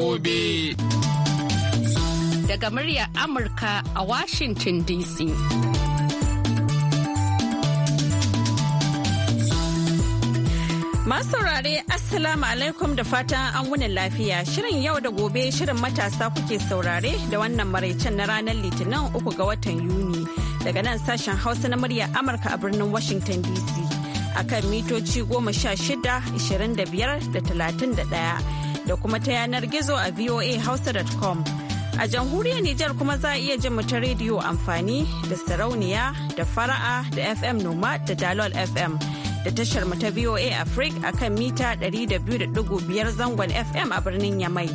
gobe. Daga muryar Amurka a Washington DC. Masu saurare Assalamu alaikum da fatan an wuni lafiya. Shirin yau da gobe shirin matasa kuke saurare da wannan maraicen na ranar Litinin uku ga watan Yuni. Daga nan sashen Hausa na muryar Amurka a birnin Washington DC. akan mitoci goma sha shida, ishirin da biyar da talatin da ɗaya. da kuma ta yanar gizo a voahausa.com. A jamhuriyar Nijar kuma za a iya jin mu ta rediyo amfani da sarauniya da fara'a da FM Noma da Dalol FM da tashar mu ta VOA Africa kan mita 200.5 zangon FM a birnin Yamai.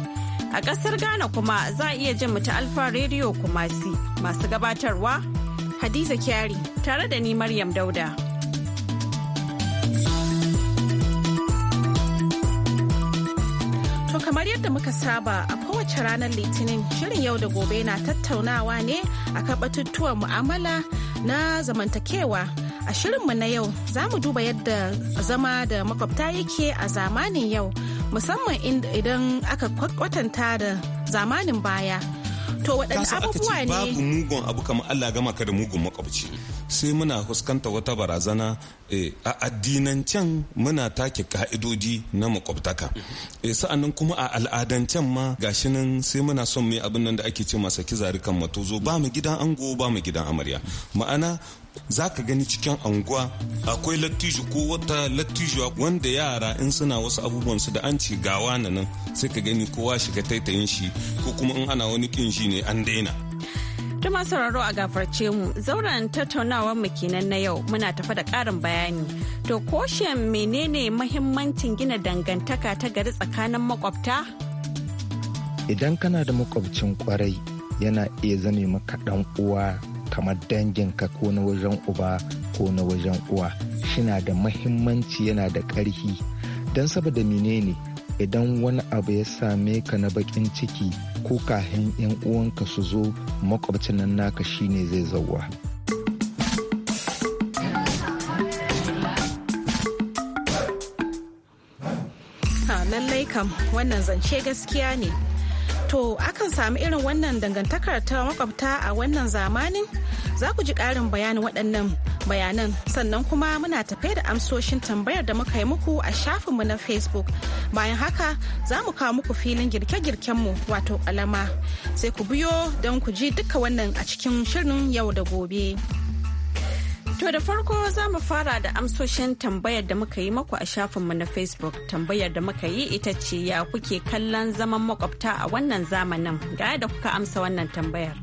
A ƙasar Ghana kuma za a iya jin mu ta Alfa Radio Kumasi masu gabatarwa Hadiza Kyari tare da ni Maryam Dauda. yadda muka saba a kowace ranar litinin shirin yau da gobe na tattaunawa ne a kan batutuwan mu'amala na zamantakewa a shirinmu na yau za mu duba yadda zama da makwabta yake a zamanin yau musamman idan aka kwatanta da zamanin baya to waɗanne abubuwa ne babu mugun abu kamar Allah gama ka da mugun makwabci sai muna fuskanta wata barazana eh, a addinancen muna take ka'idodi na makwabtaka eh, sa'annan kuma a al'adancen ma gashi nan sai muna son mai abin nan da ake ce masa kizari kan matozo ba mu gidan ango ba mu gidan amarya ma'ana za ka gani cikin anguwa akwai lattijo ko wata lattijo wanda yara in suna wasu abubuwan su da an ci gawa na nan sai ka gani kowa shiga taitayin shi ko kuma in ana wani kin ne an daina da sauraro a gafarce mu zauren tattaunawar mu kenan na yau muna tafa da karin bayani to koshin menene mahimmancin gina dangantaka ta gari tsakanin makwabta idan kana da makwabcin kwarai yana iya zane maka dan uwa kamar dangin ka ko na wajen uba ko na wajen uwa shina da mahimmanci yana da ƙarfi don saboda menene idan wani abu ya same ka na bakin ciki ko kahin 'yan uwanka su zo makwabcin nan naka shine zai zauwa lallai kam wannan zance gaskiya ne To akan sami irin wannan dangantakar ta makwabta a wannan zamanin? Za ku ji ƙarin bayani waɗannan bayanan sannan kuma muna tafe da amsoshin tambayar da muka yi muku a shafinmu na Facebook. Bayan haka za mu kawo muku filin girke-girkenmu wato alama sai ku biyo don ku ji duka wannan a cikin shirin yau da gobe. To da farko za mu fara da amsoshin tambayar da muka yi maku a shafinmu na Facebook. Tambayar da muka yi ita ce ya kuke kallon zaman makwabta a wannan zamanin ga da kuka amsa wannan tambayar.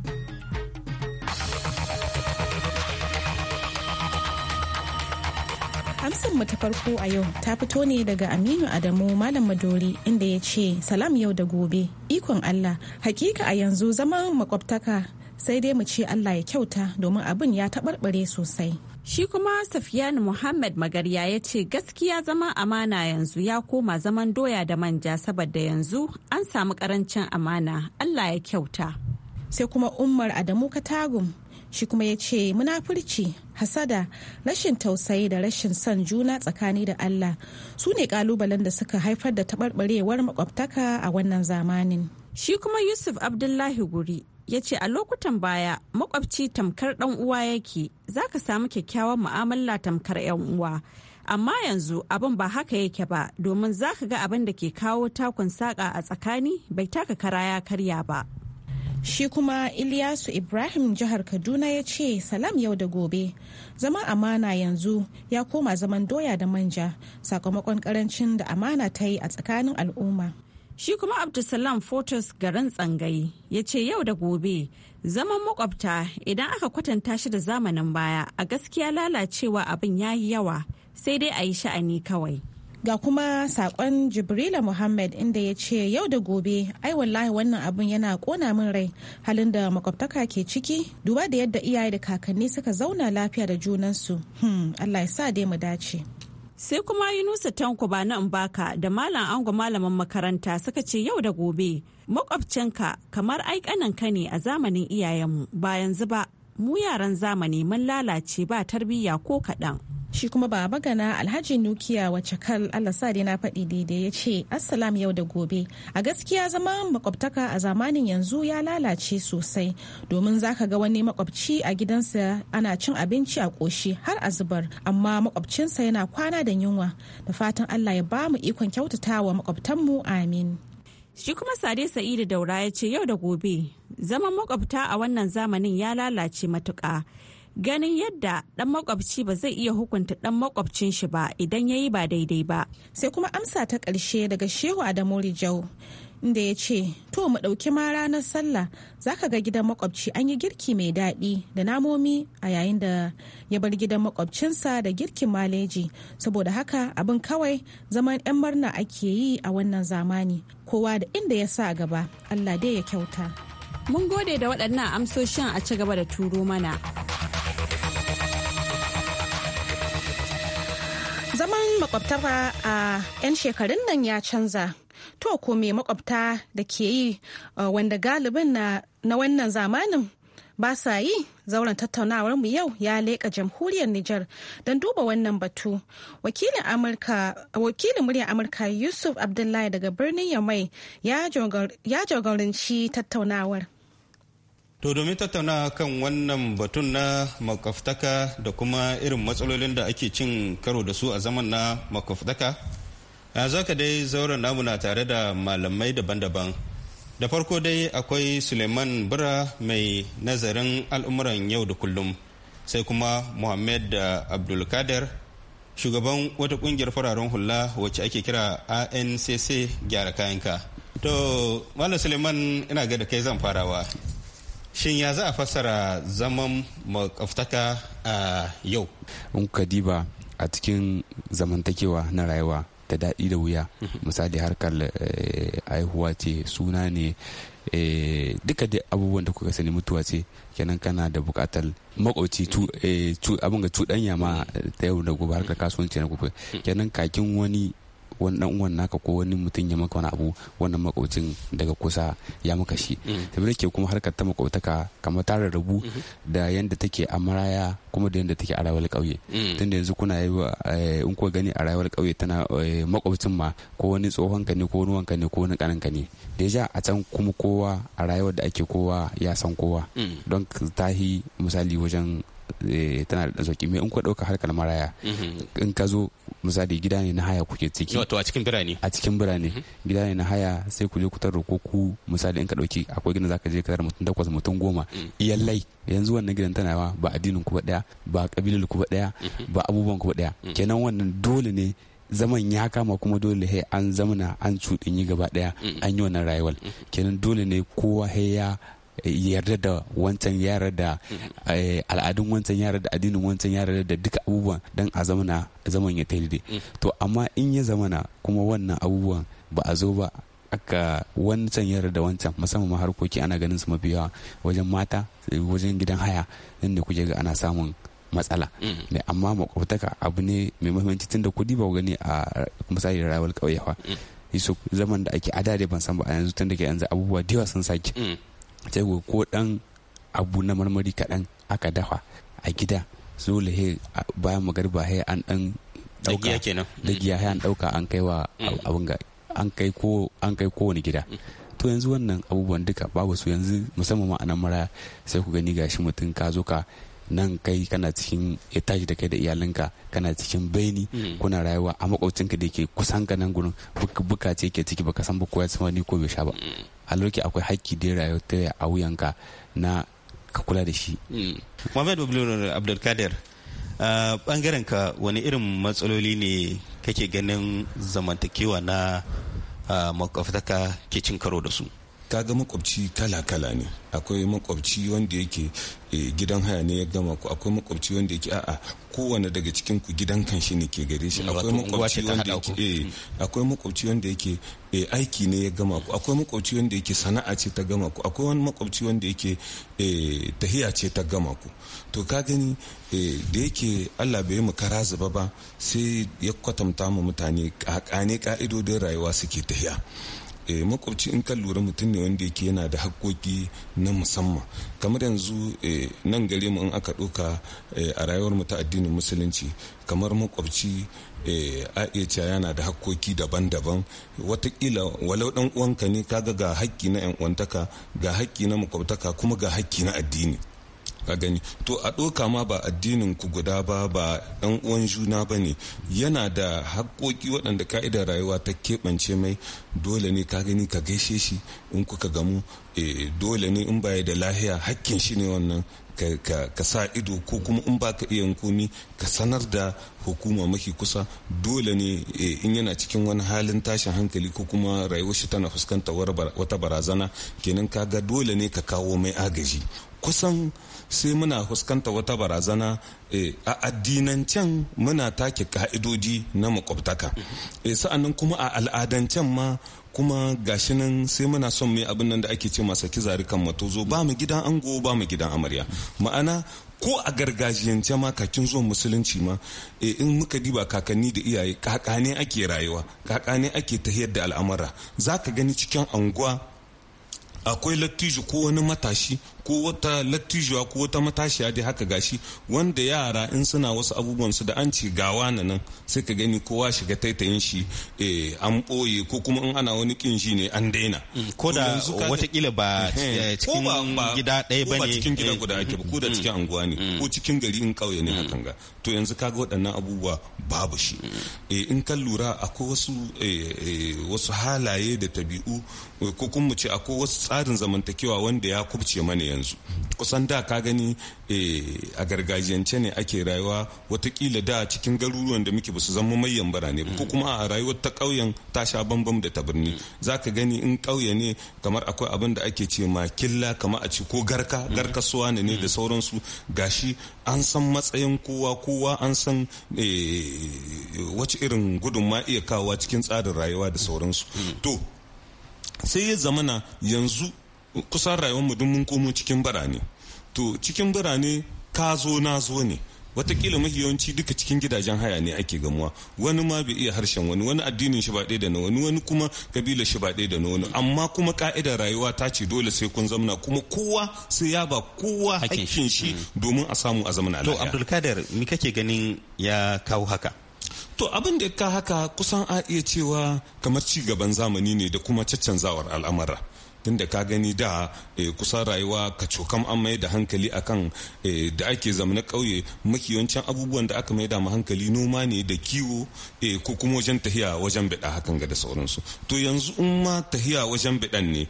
amsar mu ta farko a yau ta fito ne daga aminu adamu malam madori inda ya ce salam yau da gobe ikon allah hakika a yanzu zaman makwabtaka sai dai mu ce Allah ya kyauta domin abin ya taɓarɓare sosai. Shi kuma Safiyan Muhammad Magarya ya ce gaskiya zama amana yanzu ya koma zaman doya da manja saboda yanzu an samu karancin amana Allah ya kyauta. Sai kuma Umar Adamu Katagum shi kuma ya ce munafurci hasada rashin tausayi da rashin son juna tsakani da Allah su ne kalubalen da suka haifar da taɓarɓarewar makwabtaka a wannan zamanin. Shi kuma Yusuf Abdullahi Guri ya ce a lokutan baya makwabci tamkar dan uwa yake za ka samu kyakkyawar mu'amala tamkar 'yan uwa amma yanzu abin ba haka yake ba domin za ka ga abin da ke kawo takun saƙa a tsakani bai taka kara ya karya ba shi kuma iliyasu ibrahim jihar kaduna ya ce salam yau da gobe zama amana yanzu ya koma zaman doya da manja sakamakon karancin da amana ta yi a tsakanin al'umma Shi kuma Abdulsalam fotos garin tsangai ya ce yau da gobe zaman makwabta idan aka kwatanta shi da zamanin baya a gaskiya lalacewa abin ya yi yawa sai dai a yi sha'ani kawai. ga kuma saƙon jibrila muhammad inda ya ce yau da gobe ai wallahi wannan abun yana kona min rai halin da makwabtaka ke ciki duba da yadda iyaye da kakanni suka zauna lafiya da junansu hmm, allah ya sa dai mu dace sai kuma yunusa tanko ba na baka da malam ango malaman makaranta suka ce yau da gobe makwabcinka kamar ka ne a zamanin iyayenmu ba yanzu ba mu yaran zamani mun lalace ba tarbiyya ko kaɗan. shi kuma baba magana alhaji nukiya wacce kal allah sa na faɗi daidai ya ce assalam yau da gobe a gaskiya zama makwabtaka a zamanin yanzu ya lalace sosai domin zaka ga wani makwabci a gidansa ana cin abinci a ƙoshi har a zubar amma makwabcinsa yana kwana da yunwa da fatan allah ya ba mu ikon kyautata kyautatawa makwabtanmu amin Shi kuma Sade Sa'idu Daura ya ce yau da gobe, zaman makwabta a wannan zamanin ya lalace matuƙa. ganin yadda dan makwabci ba zai iya hukunta dan makwabcin shi ba idan ya yi ba daidai ba sai kuma amsa ta karshe daga shehu adamu rijau inda ya ce to mu ɗauki ma ranar sallah zaka ga gidan makwabci an yi girki mai daɗi da namomi a yayin da ya bar gidan makwabcinsa da girkin maleji saboda haka abin kawai zaman 'yan murna ake yi a wannan zamani kowa da inda ya sa gaba allah dai ya kyauta mun gode da waɗannan amsoshin a ci gaba da turo mana zaman makwabtaka a 'yan shekarun nan ya canza to ko mai makwabta da ke yi uh, wanda galibin na wannan zamanin ba sa yi zauren tattaunawar mu yau ya leƙa jamhuriyar Nijar don duba wannan batu. Wakilin muryar Amurka Yusuf Abdullahi daga birnin Yamai ya jagoranci tattaunawar. To domin tattauna kan wannan batun na makaftaka da kuma irin matsalolin da ake cin karo da su a zaman na makaftaka, za ka dai zauren namu na tare da malamai daban-daban. Da farko dai akwai Suleiman Bura mai nazarin al'umuran yau da kullum, sai kuma Muhammad da eh, Abdulkader, shugaban wata kungiyar fararen hula wacce ake kira ANCC gyara kayanka. To, Malam Suleiman ina ga da kai zan farawa. shin ya za a fassara zaman makaftaka a yau in ka diba a cikin zamantakewa na rayuwa da daɗi da wuya mhm. misali harkar eh, aihuwa ce suna ne eh, duka da abubuwan da kuka sani mutuwa ce kenan kana da bukatar makwauci eh, abin ga cuɗanya ma ta yau da gobe harkar mhm. kasuwanci na gobe mhm. kenan kakin wani wani dan uwan naka ko wani mutum ya maka wani abu wannan makocin daga kusa ya maka shi tabi mm. ke kuma harkar ta makautaka kamar ta rarrabu mm-hmm. da yanda take a maraya kuma da yanda take a rayuwar kauye mm. tunda yanzu kuna yi eh, in ko gani a rayuwar kauye tana eh, makwabcin ma ko wani tsohon ka ne ko wani wanka ne ko wani kanan ne deja a can kuma kowa a rayuwar da ake kowa ya san kowa mm. don tahi misali wajen Eh, tana da sauki mai in kwa ɗauka harkar maraya mm-hmm. in ka zo misali gida ne na haya kuke ciki wato a cikin birane a cikin birane mm-hmm. gida ne na haya sai ku je ku tarro ko ku misali in ka ɗauki akwai gidan zaka je ka tarra mutum takwas mutum goma mm. iyalai yanzu wannan gidan tana ba ba addinin ku ba daya ba kabilar ku ba daya mm-hmm. ba abubuwan ku ba daya mm. kenan wannan dole ne zaman ya kama kuma dole he an zamana an cuɗinyi gaba ɗaya mm. an yi wannan rayuwar kenan dole ne kowa he ya yarda da wancan yara da eh, al'adun wancan yara da addinin wancan yara da duka abubuwan don a zamana zaman ya taide mm. to amma in ya zamana kuma wannan abubuwan ba a zo ba aka wancan yara da wancan musamman harkoki ana ganin su mafi yawa wajen mata wajen gidan haya inda kuke ga ana samun matsala mm. ne amma makwabtaka abu ne mai muhimmanci tunda kudi ba gani a misali rayuwar ƙauye fa yusuf mm. zaman da ake adade ban san ba a yanzu tun da ke yanzu abubuwa da yawa sun sake sai ko dan abu na marmari kaɗan aka dafa a gida so he bayan magarba he an dan dauka dagiya he an dauka an kai wa mm. abun ga an kai ko an kowane gida mm. to yanzu wannan abubuwan duka babu su yanzu musamman ma anan mara sai ku gani gashi mutum ka zo ka nan kai kana cikin ya da kai da iyalinka kana cikin baini mm. kuna rayuwa a makwabcinka da ke kusan ka nan gurin buka ce ke ciki baka san ba ko ya wani ko bai sha ba a loki akwai haƙƙi da rayu ta a wuyanka na ka kula da shi hmm. Mohamed Muhammad Abdulkadir ɓangaren ka wani irin matsaloli ne kake ganin zamantakewa na makwafataka ke cin karo da su kaga makwabci kala-kala ne akwai makwabci wanda yake eh, gidan haya ne ya gama ku akwai makwabci wanda yake a'a kowane daga cikin ku gidan kan shi ne ke gare shi eh, hmm. akwai makwabci wanda yake akwai makwabci wanda yake aiki ne ya gama ku akwai makwabci wanda yake sana'a ce ta gama ku akwai wani makwabci wanda yake eh, tahiya ce ta gama ku to ka gani da yake Allah bai mu kara zuba ba sai ya kwatanta mu mutane kakane ka'idodin rayuwa suke tahiya Eh, makwabci in kan lura mutum ne wanda yake yana da hakkoki na musamman kamar yanzu eh, nan gare mu in aka ɗauka eh, a rayuwar mu ta addinin musulunci kamar makwabci a iya cewa yana da hakkoki daban-daban watakila walau dan uwanka ne kaga ga haƙƙi na yan uwantaka ga haƙƙi na makwabtaka kuma ga haƙƙi na addini a gani to a ɗoka ma ba addinin ku guda ba ba ɗan uwan juna ba ne yana da haƙoƙi waɗanda ka'ida rayuwa ta keɓance mai dole ne ka gani ka gaishe shi in kuka gamu eh, dole ne in baya da lahiya hakkin shi ne wannan ka sa ido ko kuma in ba ka iya komi ka sanar da hukuma mafi kusa dole ne eh, in yana cikin wani halin tashin hankali ko kuma rayuwar shi tana fuskantar wata barazana kenan ka ga dole ne ka kawo mai agaji kusan sai muna fuskanta wata barazana eh, a addinancen muna take ka'idodi na makwabtaka eh, sa'annan kuma a al'adancen ma kuma gashi nan sai muna son mai abin nan da ake ce masa kizari kan matozo ba mu gidan ango ba mu gidan amarya ma'ana ko a gargajiyance ma kakin zuwan musulunci ma eh, in muka diba kakanni da iyaye kakane ake rayuwa kakane ake tahiyar da al'amura za ka gani cikin anguwa akwai lattijo ko wani matashi ko wata lattijuwa ko wata matashiya dai haka gashi wanda yara in suna wasu abubuwan su da an ce gawa na nan sai ka gani kowa shiga taitayin shi eh, an ɓoye ko kuma in ana wani kin shi ne an daina mm, ko da watakila ba cikin gida ɗaya ba ne cikin gida guda ake ba ko da mm, cikin anguwa ne mm, ko cikin gari in ƙauye ne hakan ga to yanzu kaga waɗannan abubuwa babu shi eh, in kan lura akwai wasu eh, wasu halaye da tabi'u ko kuma ce akwai wasu tsarin zamantakewa wanda ya kubce mana yanzu kusan da ka gani eh, a gargajiyance ne ake rayuwa watakila da cikin garuruwan da muke basu zama mayan birane ko kuma a rayuwar ta kauyen ta sha bambam da ta birni za ka gani in kauye ne kamar akwai abin da ake ce ma killa kamar a ci ko garka garka suwa ne da sauransu gashi an san matsayin kowa kowa an san eh, wace irin gudun iya kawowa cikin tsarin rayuwa da sauransu to sai ya zamana yanzu kusan rayuwarmu duk mun komo cikin birane to cikin birane ka zo na zo ne watakila mafi yawanci duka cikin gidajen haya ne ake gamuwa wani ma bai iya harshen wani wani addinin shi ba ɗaya da na wani wani kuma kabila shi ba ɗaya da na wani amma kuma ka'idar rayuwa ta ce dole sai kun zamna kuma kowa sai ya ba kowa hakkin shi mm. domin a samu a zamana to abdulkadir me kake ganin ya kawo haka to abin da ka haka kusan a iya cewa kamar ci gaban zamani ne da kuma caccanzawar al'amara. tunda ka gani da eh, kusan rayuwa ka cokam an mai da hankali akan eh, da ake zamanin ƙauye makiyancin abubuwan da aka mai da hankali noma ne da kiwo eh, ko kuma wajen tahiya wajen biɗa hakan ga da sauransu to yanzu in ma tahiya wajen biɗan ne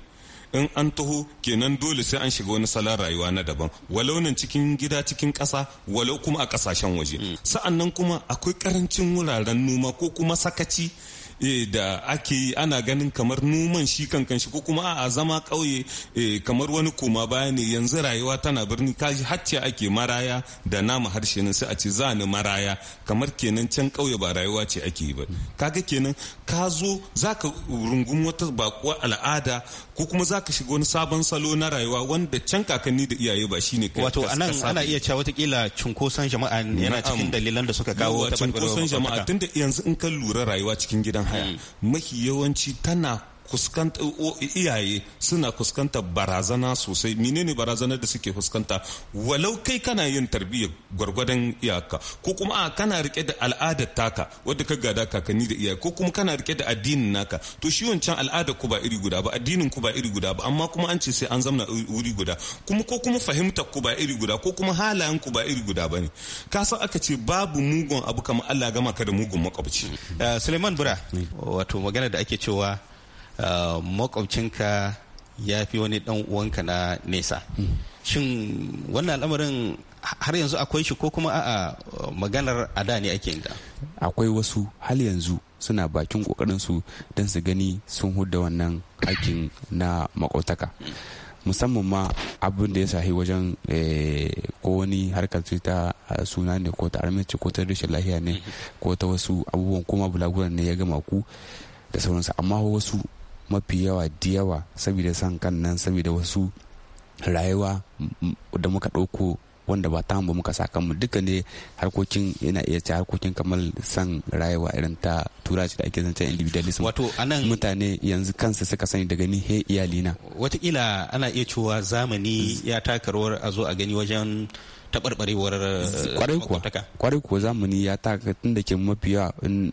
in an taho kenan dole sai an shiga wani salon rayuwa na daban walau nan cikin gida cikin ƙasa walau kuma a ƙasashen waje mm. sa'annan kuma akwai ƙarancin wuraren noma ko kuma sakaci E, da ake yi ana ganin kamar numan shi kankan shi ko kuma a zama ƙauye e, kamar wani koma baya ne yanzu rayuwa tana birni kaji hacce ake maraya da nama harshe nan sai a ce za ni maraya kamar kenan can kauye ba rayuwa ce ake yi ba kaga kenan ka zo za ka rungum wata bakuwa al'ada ko kuma za ka shiga wani sabon salo na rayuwa wanda can kakanni da iyaye ba shine kai wato anan ana iya cewa watakila cunkoson jama'a yana cikin dalilan da suka kawo ta cunkoson jama'a tunda yanzu in ka lura rayuwa cikin gidan haya mm. mafi yawanci tana kuskanta iyaye suna kuskanta barazana sosai menene barazanar da suke fuskanta walau kai kana yin tarbiyya gwargwadon iyaka ko kuma a kana rike da al'adar taka wadda ka gada kakanni da iyaye ko kuma kana rike da addinin naka to shi wancan al'adar ku ba iri guda ba addinin ku ba iri guda ba amma kuma an ce sai an zamna wuri guda kuma ko kuma fahimtar ku ba iri guda ko kuma halayen ku ba iri guda bane ka san aka ce babu mugun abu kamar Allah gama ka da mugun makwabci eh, Suleiman Bura mm. wato magana da ake cewa Eh, makwabcinka ya fi wani dan uwanka na nesa shin wannan al'amarin har yanzu akwai shi ko kuma a maganar ada ne ake da akwai wasu hal yanzu suna bakin kokarin su don su gani sun hudda wannan aikin na makautaka musamman ma abin da ya sahi wajen eh, ko wani harkar ta eh, suna ne ko ta arminci ko ta rashin lahiya ne ko ta wasu abubuwan kuma bulaguran ne ya gama ku da sauransu amma wasu mafi yawa diyawa saboda san kan nan saboda wasu rayuwa da muka ɗauko wanda ba ta ba muka sa mu duka ne harkokin yana iya ce harkokin kamar san rayuwa irin ta turaci da ake zance individualism wato anan mutane yanzu kansu suka sani daga ni he iyalina watakila ana iya cewa zamani ya taka rawar a zo a gani wajen taɓarɓarewar eh, kwarai kuwa zamani ya taka tun da ke mafi yawa in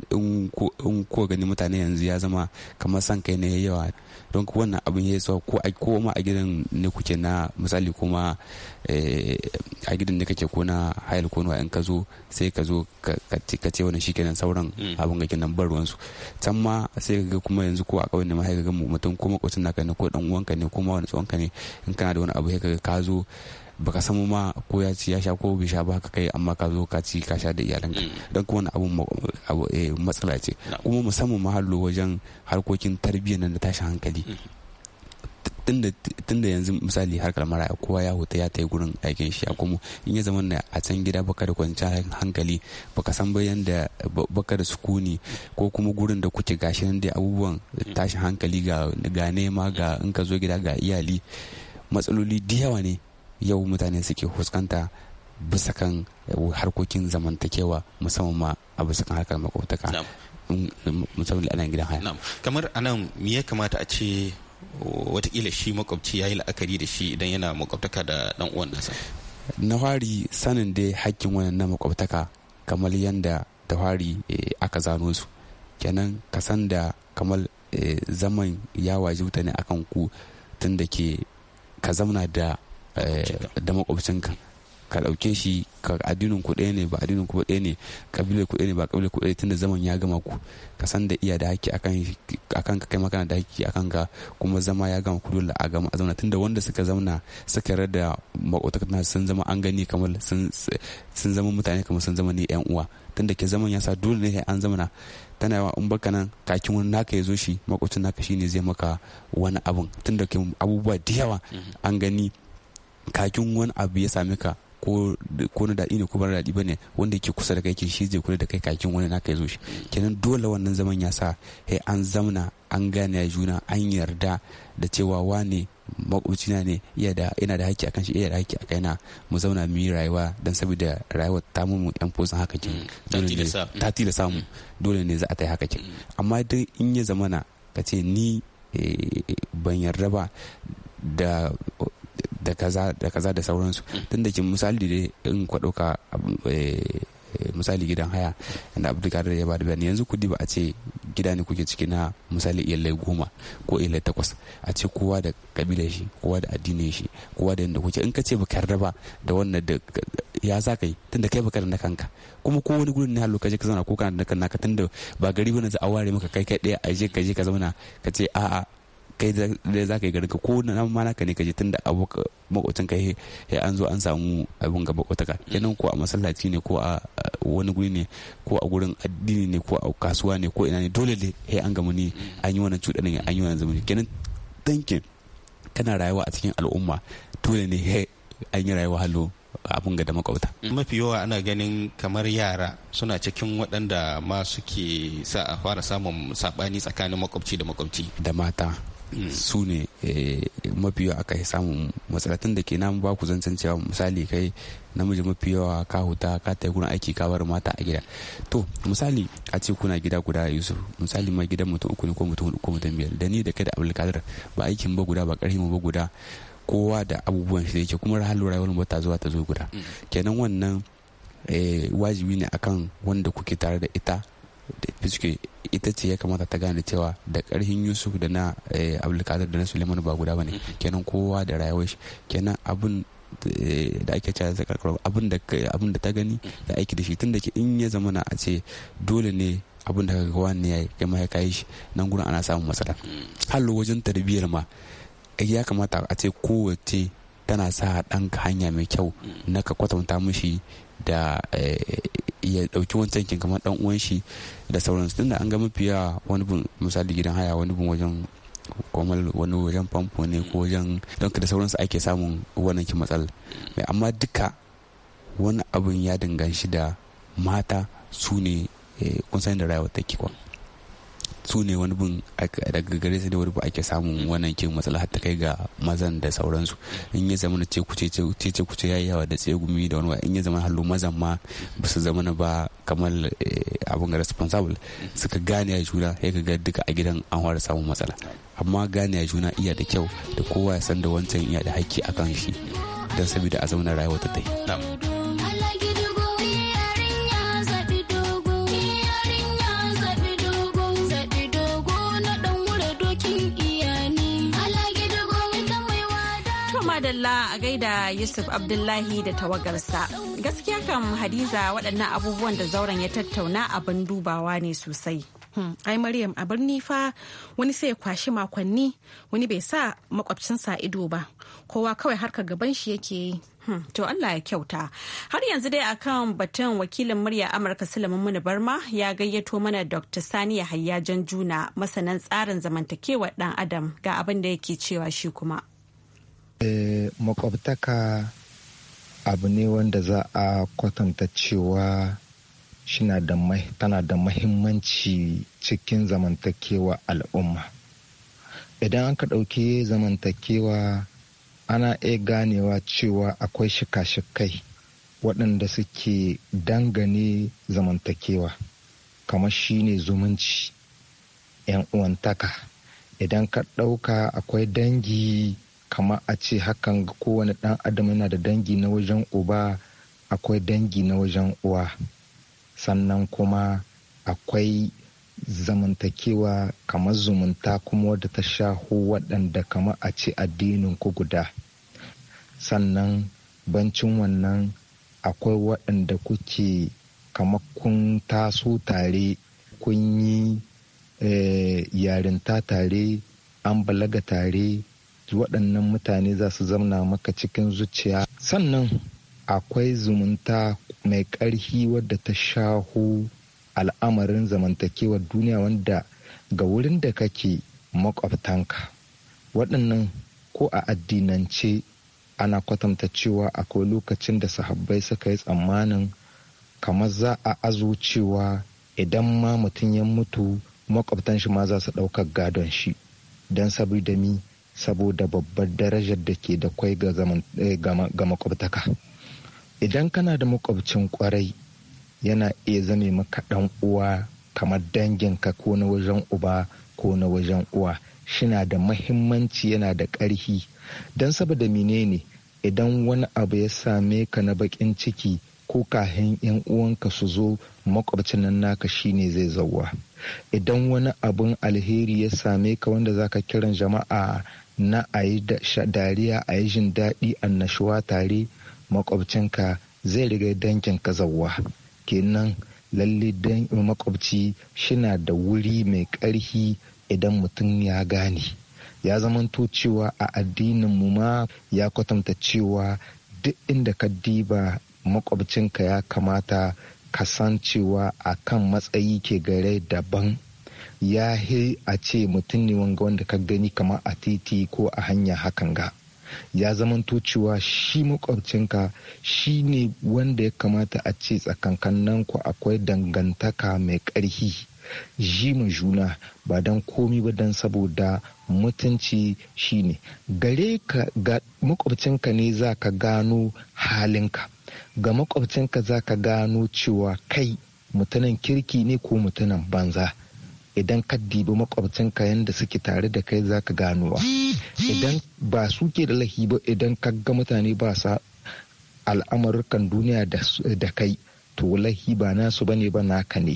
ko gani mutane yanzu ya zama kamar san kai ne yawa don wannan abin ya so ko ma a gidan ne kuke na misali kuma eh, a gidan ne kake ko na hayal ko in ka zo sai ka zo ka ce wannan shikenan sauran hmm. abin ga kinan bar ruwansu can ma sai ka ga kuma yanzu ko a kawai ne ma sai ga mutum ko makwacin naka ne ko dan uwanka ne ko ma wani ka ne in kana da wani abu sai ka zo baka samu ma ko ya ci ya sha ko bai sha ba ka kai amma ka zo ka ci ka sha da iyalanka mm. don kuma wani abun eh, matsala ce kuma musamman mahallo wajen harkokin tarbiyya nan da tashin hankali mm. tunda yanzu misali harkar mara kowa ya huta ya ta yi gurin aikin shi kuma in ya zama a can gida baka da kwanciyar hankali baka san bayan da baka da sukuni ko kuma gurin da kuke gashi nan dai abubuwan mm. tashin hankali ga nema ga in ka zo gida ga iyali matsaloli da yawa ne yau mutane suke fuskanta bisa kan eh, harkokin zamantakewa musamman ma a bisa kan harkar makwabtaka musamman da anan gidan haya kamar anan me ya kamata a ce watakila shi makwabci ya yi la'akari da shi idan yana makwabtaka da dan uwan nasa na fari sanin dai hakkin wannan na makwabtaka kamar yadda da fari eh, aka zano su kenan ka san da kamar eh, zaman ya waje mutane akan ku tun da ke ka zauna da Eh, da makwabcinka ka ɗauke shi ka addinin ku ɗaya ne ba addinin ku ɗaya ne ƙabilar ku ɗaya ne ba ƙabilar ku ɗaya tunda zaman ya gama ku ka san da iya da haƙƙi akan ka kai makana da haƙƙi akan ka kuma zama ya gama ku dole a gama a zauna tunda wanda suka zauna suka yarda da makwabtaka sun zama an gani kamar sun zama mutane kamar sun zama ne yan uwa tunda ke zaman ya sa dole ne an zamana tana yawa in baka nan kakin wani naka ya zo shi makwabcin naka shine zai maka wani abun tunda ke abubuwa da yawa mm-hmm. an gani kakin wani abu ya same ka ko na daɗi ne ko bana daɗi ba ne wanda ke kusa da kai ke shi zai kula da kai kakin wani naka ya zo shi kenan dole wannan zaman ya sa he an zamna an gane juna an yarda da cewa wane makwabcina ne iya da ina da haƙƙi akan shi iya da haƙƙi a kaina mu zauna mu yi rayuwa don saboda rayuwar ta mu yan fosin haka ke mm, ta tilasa mu mm. dole ne za a ta yi haka ke mm. amma dai in ya zamana ka ce ni eh, ban yarda ba da da kaza da kaza da sauransu tun da misali da in kwa ɗauka eh, eh, misali gidan haya da abdulkadir ya bada bayani yanzu kudi ba a ce gida ne kuke ciki na misali iyalai goma ko iyalai takwas a ce kowa da kabila shi kowa da addini shi kowa da yadda kuke in ka ce ba ka raba da wannan da ya za ka yi tunda kai baka da na kanka kuma ko wani gudun ne halu kaje ka zauna ko kana da kanka tunda ba gari bane za a ware maka kai kai daya a je ka je ka zauna ka ce a'a kai da za ka yi garinka ko na ma ka ne ka je tunda abokan makwacin ka ya an zo an samu abin gaba kwataka kenan ko a masallaci ne ko a wani guri ne ko a gurin addini ne ko a kasuwa ne ko ina ne dole ne ya an gama ni an yi wannan cuɗanin an yi wannan zamani kenan tankin kana rayuwa a cikin al'umma dole ne an yi rayuwa halo abin ga da makauta. Mm. mafi yawa ana ganin kamar yara suna cikin waɗanda ma suke sa a fara samun saɓani tsakanin makwabci da makwabci da mata su ne eh, mafi yawa aka samun matsalatin da ke nan ba ku zancen cewa misali kai namiji mafi yawa ka huta ka yi gurin aiki ka bar mata a gida to misali a ce kuna gida guda yusuf misali ma gidan mutum uku ne ko mutum uku ko mutum biyar da ni da kai da abdulkadir ba aikin ba guda ba karfin ba guda kowa da abubuwan shi da yake kuma rahal rayuwar ba ta zuwa ta zo guda mm. kenan wannan eh, wajibi ne akan wanda kuke tare da ita fiske ita ce ya kamata ta gane cewa da karhin yusuf da na eh, abdulkadir da na suleiman ba guda bane mm-hmm. kenan kowa da rayuwar shi kenan abun eh, da ake cewa ta karkar abin da ta gani mm-hmm. da aiki da shi tun da in ya zama na a ce dole ne abin da kaga wani ya yi kai ya kayi shi nan gurin ana samun matsala mm-hmm. har wajen tarbiyyar ma eh, ya kamata a ce kowace tana sa ɗanka hanya mai kyau na ka kwatanta mishi da eh, ya dauki wancan kamar dan uwan shi da sauransu tunda an ga mafiya wani bin misali gidan haya wani bin wajen komal wani wajen famfo ne ko wajen don da sauransu ake samun wannan ki matsal mai amma duka wani abin ya shi da mata su ne eh, kun da rayuwar take kwa su ne wani bin daga gare su ne wani bin ake samun wannan ke matsala ta kai ga mazan da sauransu in ya zama ce kuce ce kuce yayi yawa da tsaye gumi da wani in ya zama hallo mazan ma ba su zama ba kamar eh, abin responsible suka gane a juna ya ga duka a gidan an fara samun matsala amma gane a juna iya da kyau da kowa ya san da wancan iya da hakki akan shi don saboda a zauna rayuwa ta ta yi. madalla a gaida Yusuf Abdullahi da tawagarsa. Gaskiya kan Hadiza waɗannan abubuwan da zauren ya tattauna abin dubawa ne sosai. Hmm, ai Maryam a birni fa wani sai ya kwashi makonni wani bai sa makwabcinsa ido ba. Kowa kawai harka gaban shi yake yi. Hmm, to Allah ya kyauta. Har yanzu dai akan batun wakilin murya Amurka Sulaiman Muni Barma ya gayyato mana Dr. Saniya Hayyajan Juna masanan tsarin zamantakewa dan Adam ga abin da yake cewa shi kuma. Eh, makwabtaka abu ne wanda za a kwatanta cewa tana da mahimmanci cikin zamantakewa al'umma idan an ka ɗauki zamantakewa ana iya ganewa cewa akwai shika-shikai waɗanda suke dangane zamantakewa kamar ne zumunci 'yan uwantaka idan ka ɗauka akwai dangi kama a ce hakan ga kowane dan adam yana da dangi na wajen uba akwai dangi na wajen uwa sannan kuma akwai zamantakewa kamar zumunta kuma wadda ta shaho waɗanda kama a ce addinin ku guda sannan bancin wannan akwai waɗanda kuke kama kun taso tare kun yi eh, yarinta tare an balaga tare waɗannan mutane za su zamna maka cikin zuciya sannan akwai zumunta mai ƙarfi wadda ta shaho al'amarin zamantakewar duniya wanda ga wurin da kake makwabtanka waɗannan ko a addinance ana kwatanta cewa akwai lokacin da sahabbai suka yi tsammanin kamar za a azo cewa idan ma mutum ya mutu makwabtan shi ma za su ɗaukar gadon shi don saboda mi saboda babbar darajar da ke da kwai eh, ga makwabtaka idan kana da makwabcin kwarai yana iya zame maka dan uwa kamar dangin ka ko na wajen uba ko na wajen uwa shina da mahimmanci yana da ƙarfi don saboda menene idan wani abu ya same ka na bakin ciki ko kahin yan uwanka su zo makwabcin nan naka shine zai zauwa idan wani abun alheri ya same ka wanda zaka kiran jama'a na a yi dariya a yi jin daɗi annashuwa tare makwabcinka zai riga dangin kazawa kenan lalle dan makwabci shina da wuri mai ƙarfi idan mutum ya gane ya zamanto cewa a addinin mu ma ya kwatanta cewa duk inda ka diba makwabcinka ya kamata ka san cewa a kan matsayi ke gare daban ya he a ce mutum ne wanga wanda ka gani kamar a titi ko a hanya hakan ga ya zamanto cewa shi makwabcinka shi ne wanda ya kamata a ce tsakankanan ku akwai dangantaka mai ƙarfi ji ma juna ba don komi ba don saboda mutunci shi ne gare ka ga makwabcinka ne za ka gano halinka ga makwabcinka za ka gano cewa kai mutumin kirki ne ko mutumin banza idan ka dibi makwabcinka yadda suke tare da kai zaka ganowa idan ba su ke da lahi ba idan ka ga mutane ba sa al'amurkan duniya da kai to lahi ba nasu bane ba naka ne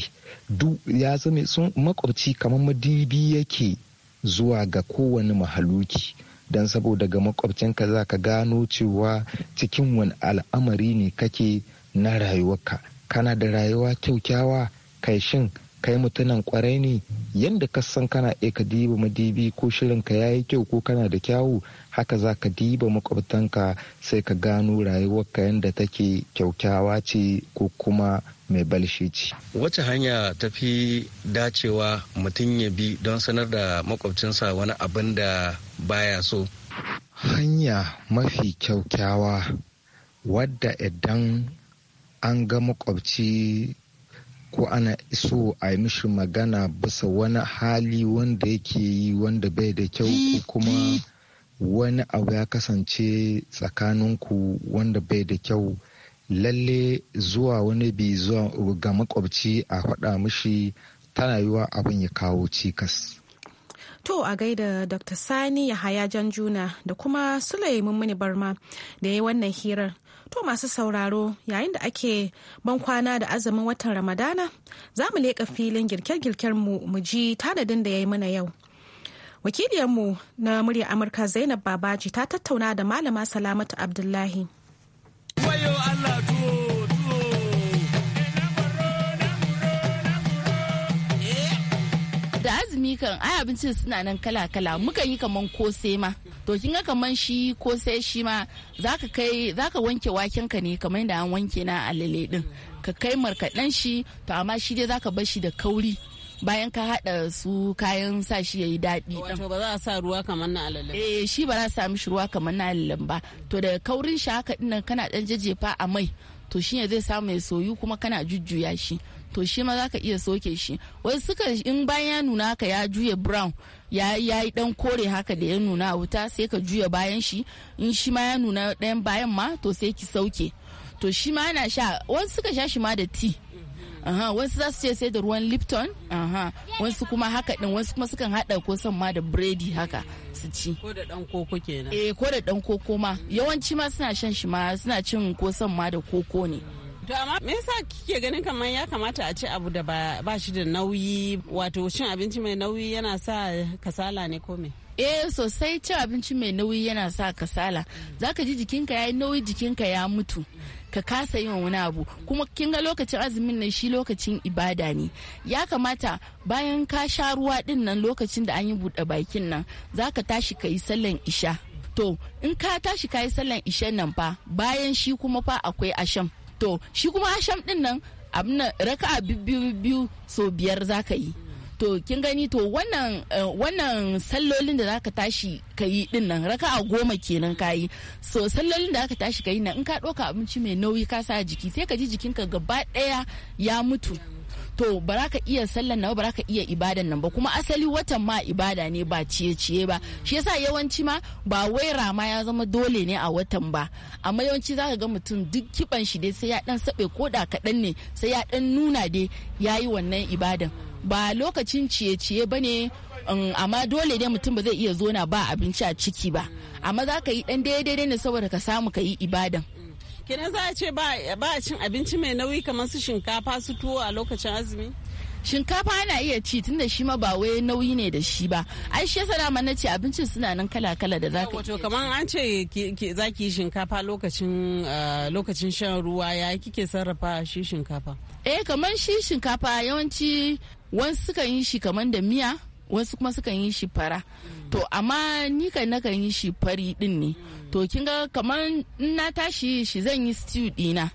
duk ya zama sun makwabci kamar madibi yake zuwa ga kowane mahaluki don saboda ga makwabcinka za ka gano cewa cikin wani al'amari ne kake na rayuwarka kana da rayuwa kyaukyawa kai shin kai mutunan kwarai ne yadda ka san kana iya ka diba madibi ko shirin ka yi kyau ko kana da kyawu haka za ka diba makwabtanka sai ka gano rayuwarka yadda take kyaukyawa ce ko kuma mai balshi ce. Wace hanya tafi dacewa mutum ya bi don sanar da makwabcinsa wani abin da baya so? Hanya mafi kyaukyawa wadda idan an ga makwabci ko ana iso a yi mishi magana bisa wani hali wanda yake yi wanda bai da kyau ko kuma wani abu ya kasance tsakaninku wanda bai da kyau lalle zuwa wani bi zuwa ga makwabci a faɗa mishi tana yiwa abin ya kawo cikas. To a gaida Dr. Sani ya Yahaya Janjuna da kuma Sulaimin mini Barma da ya yi wannan hirar To masu sauraro yayin da ake ban kwana da azumin watan Ramadana za mu leƙa filin girke-girken mu mu ji tanadin da ya yi mana yau. mu na murya Amurka Zainab Babaji ta tattauna da Malama Salamatu Abdullahi. Allah azumi kan ai abincin suna nan kala-kala mukan yi kaman kose ma to kin ga kaman shi kose shi ma zaka kai zaka wanke waken ka ne kaman yadda an wanke na alale din ka kai markaɗen shi to amma shi dai zaka bar shi da kauri bayan ka hada su kayan sa shi yayi daɗi wato ba za a sa ruwa kamar na alalan eh shi ba za a sa mishi ruwa kamar na alalan ba to da kaurin shi haka dinnan kana dan jajjefa a mai to shi ne zai samu ya soyu kuma kana jujjuya shi to shi ma ka iya soke shi wai suka in bayan ya nuna haka ya juya brown ya yi dan kore haka da ya nuna a wuta sai ka juya bayan shi in shi ma ya nuna ɗayan bayan ma to sai ki sauke to shi ma ana sha wasu suka sha shi ma da tea aha wasu za su ce sai da ruwan lipton aha wasu kuma haka din wasu kuma sukan hada ko san ma da biredi haka su ci ko da dan koko kenan eh ko da dan koko ma yawanci ma suna shan shi ma suna cin ko san ma da koko ne To amma me yasa kike ganin kamar ya kamata a ci abu da ba shi da nauyi wato cin abinci mai nauyi yana sa kasala ne ko me? eh sosai cin abinci mai nauyi yana sa kasala zaka ji jikinka ya yi nauyi jikinka ya mutu ka kasa yin wani abu kuma kin ga lokacin azumin nan shi lokacin ibada ne ya kamata bayan ka sha ruwa din nan lokacin da an yi buɗe bakin nan zaka tashi ka yi sallan isha to in ka tashi ka yi sallan isha nan fa bayan shi kuma fa akwai asham to shi kuma asham din nan abin raka'a biyu biyu so biyar zakayi yi to kin gani to wannan eh, wannan sallolin da zaka tashi kayi din nan a goma kenan ka yi so sallolin da zaka tashi kayi nan in ka ɗauka abinci mai nauyi ka sa jiki sai ka ji jikinka gaba ɗaya ya mutu to ba ka iya sallan nan ba ka iya ibadan nan ba kuma asali watan ma ibada ne ba ciye-ciye ba shi yasa yawanci ma ba wai rama ya zama dole ne a watan ba amma yawanci za ka ga mutum duk kiban shi dai sai ya dan sabe koda kaɗan ne sai ya dan nuna dai yayi wannan ibadan ba lokacin ciye-ciye ba ne um, amma dole ne mutum ba zai iya zona ba abinci a ciki ba amma za ka yi dan daidai ne saboda ka samu ka yi ibadan Kenan za a ce ba a cin abinci mai nauyi kamar su shinkafa su tuwo a lokacin azumi? shinkafa ana iya ci tun da shi ma ba wai nauyi ne da shi ba ai shi yasa dama nace abincin suna nan kala kala da zaka wato kamar an ce za ki shinkafa lokacin ah, lokacin shan ruwa ya kike sarrafa shi shinkafa eh kamar shi shinkafa yawanci wasu sukan yi shi kaman da miya wasu kuma sukan yi shi fara to amma ni kan na kan yi shi fari din ne to kin ga kamar in na tashi shi zan yi stew dina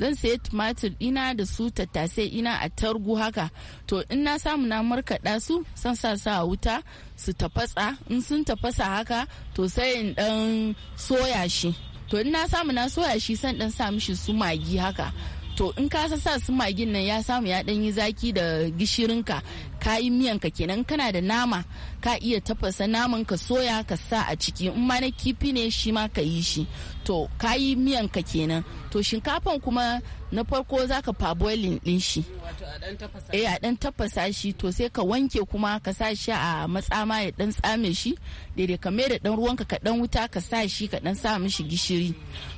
zan sayi tumatir dina da su tattasai ina a targu haka to in na samu na markaɗa su san sa sa wuta su tafasa in sun tafasa haka to sai in dan soya shi to in na samu na soya shi san dan sa mishi su magi haka to in ka sa su magin nan ya samu ya dan yi zaki da gishirinka ka yi miyanka kenan kana da nama ka iya tafasa naman ka soya ka sa a ciki in ma na kifi ne shi ma ka yi shi to ka yi miyanka kenan to shinkafan kuma na farko za ka din shi eh a dan tafasa shi to sai ka wanke kuma ka sa shi a matsama ya dan tsame shi daidai ka mai da dan ruwanka ka dan wuta ka sa shi ka dan sa mishi gishiri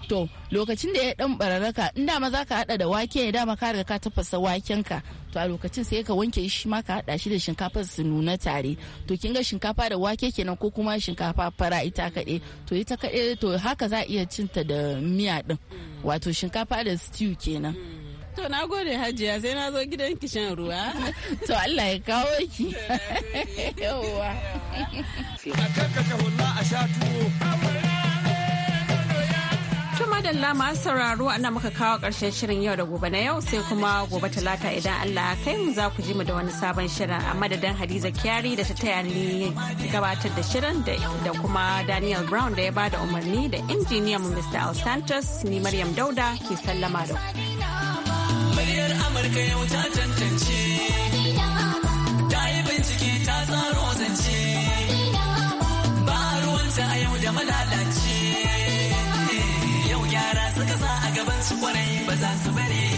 to lokacin da ya dan bararraka in dama za ka hada da wake ne dama ka riga ka tafasa waken ka to a lokacin sai ka wanke shi ma ka hada shi da shinkafa su nuna tare to kin ga shinkafa da wake kenan ko kuma shinkafa fara ita kaɗe to ita kaɗe to haka za a iya cinta da miya din wato shinkafa da stew kenan To na gode hajiya sai na zo gidan ki shan ruwa. To Allah ya kawo ki. Yawwa. A karkata hulla a sha tuwo. Tuma da lama sauraro ana muka kawo karshen shirin yau da gobe na yau sai kuma gobe talata idan Allah kai mu za ku ji mu da wani sabon shirin a madadin Hadiza Kyari da ta taya ni gabatar da shirin da kuma Daniel Brown da ya bada umarni da injiniyan Mr. Al Santos ni Maryam Dauda ke sallama da ku. Muryar Amurka yau ta tantance, ta yi bincike ta tsaro zance, ba ruwanta a yau da malalace. yara suka sa a gaban su kwarai ba za su bari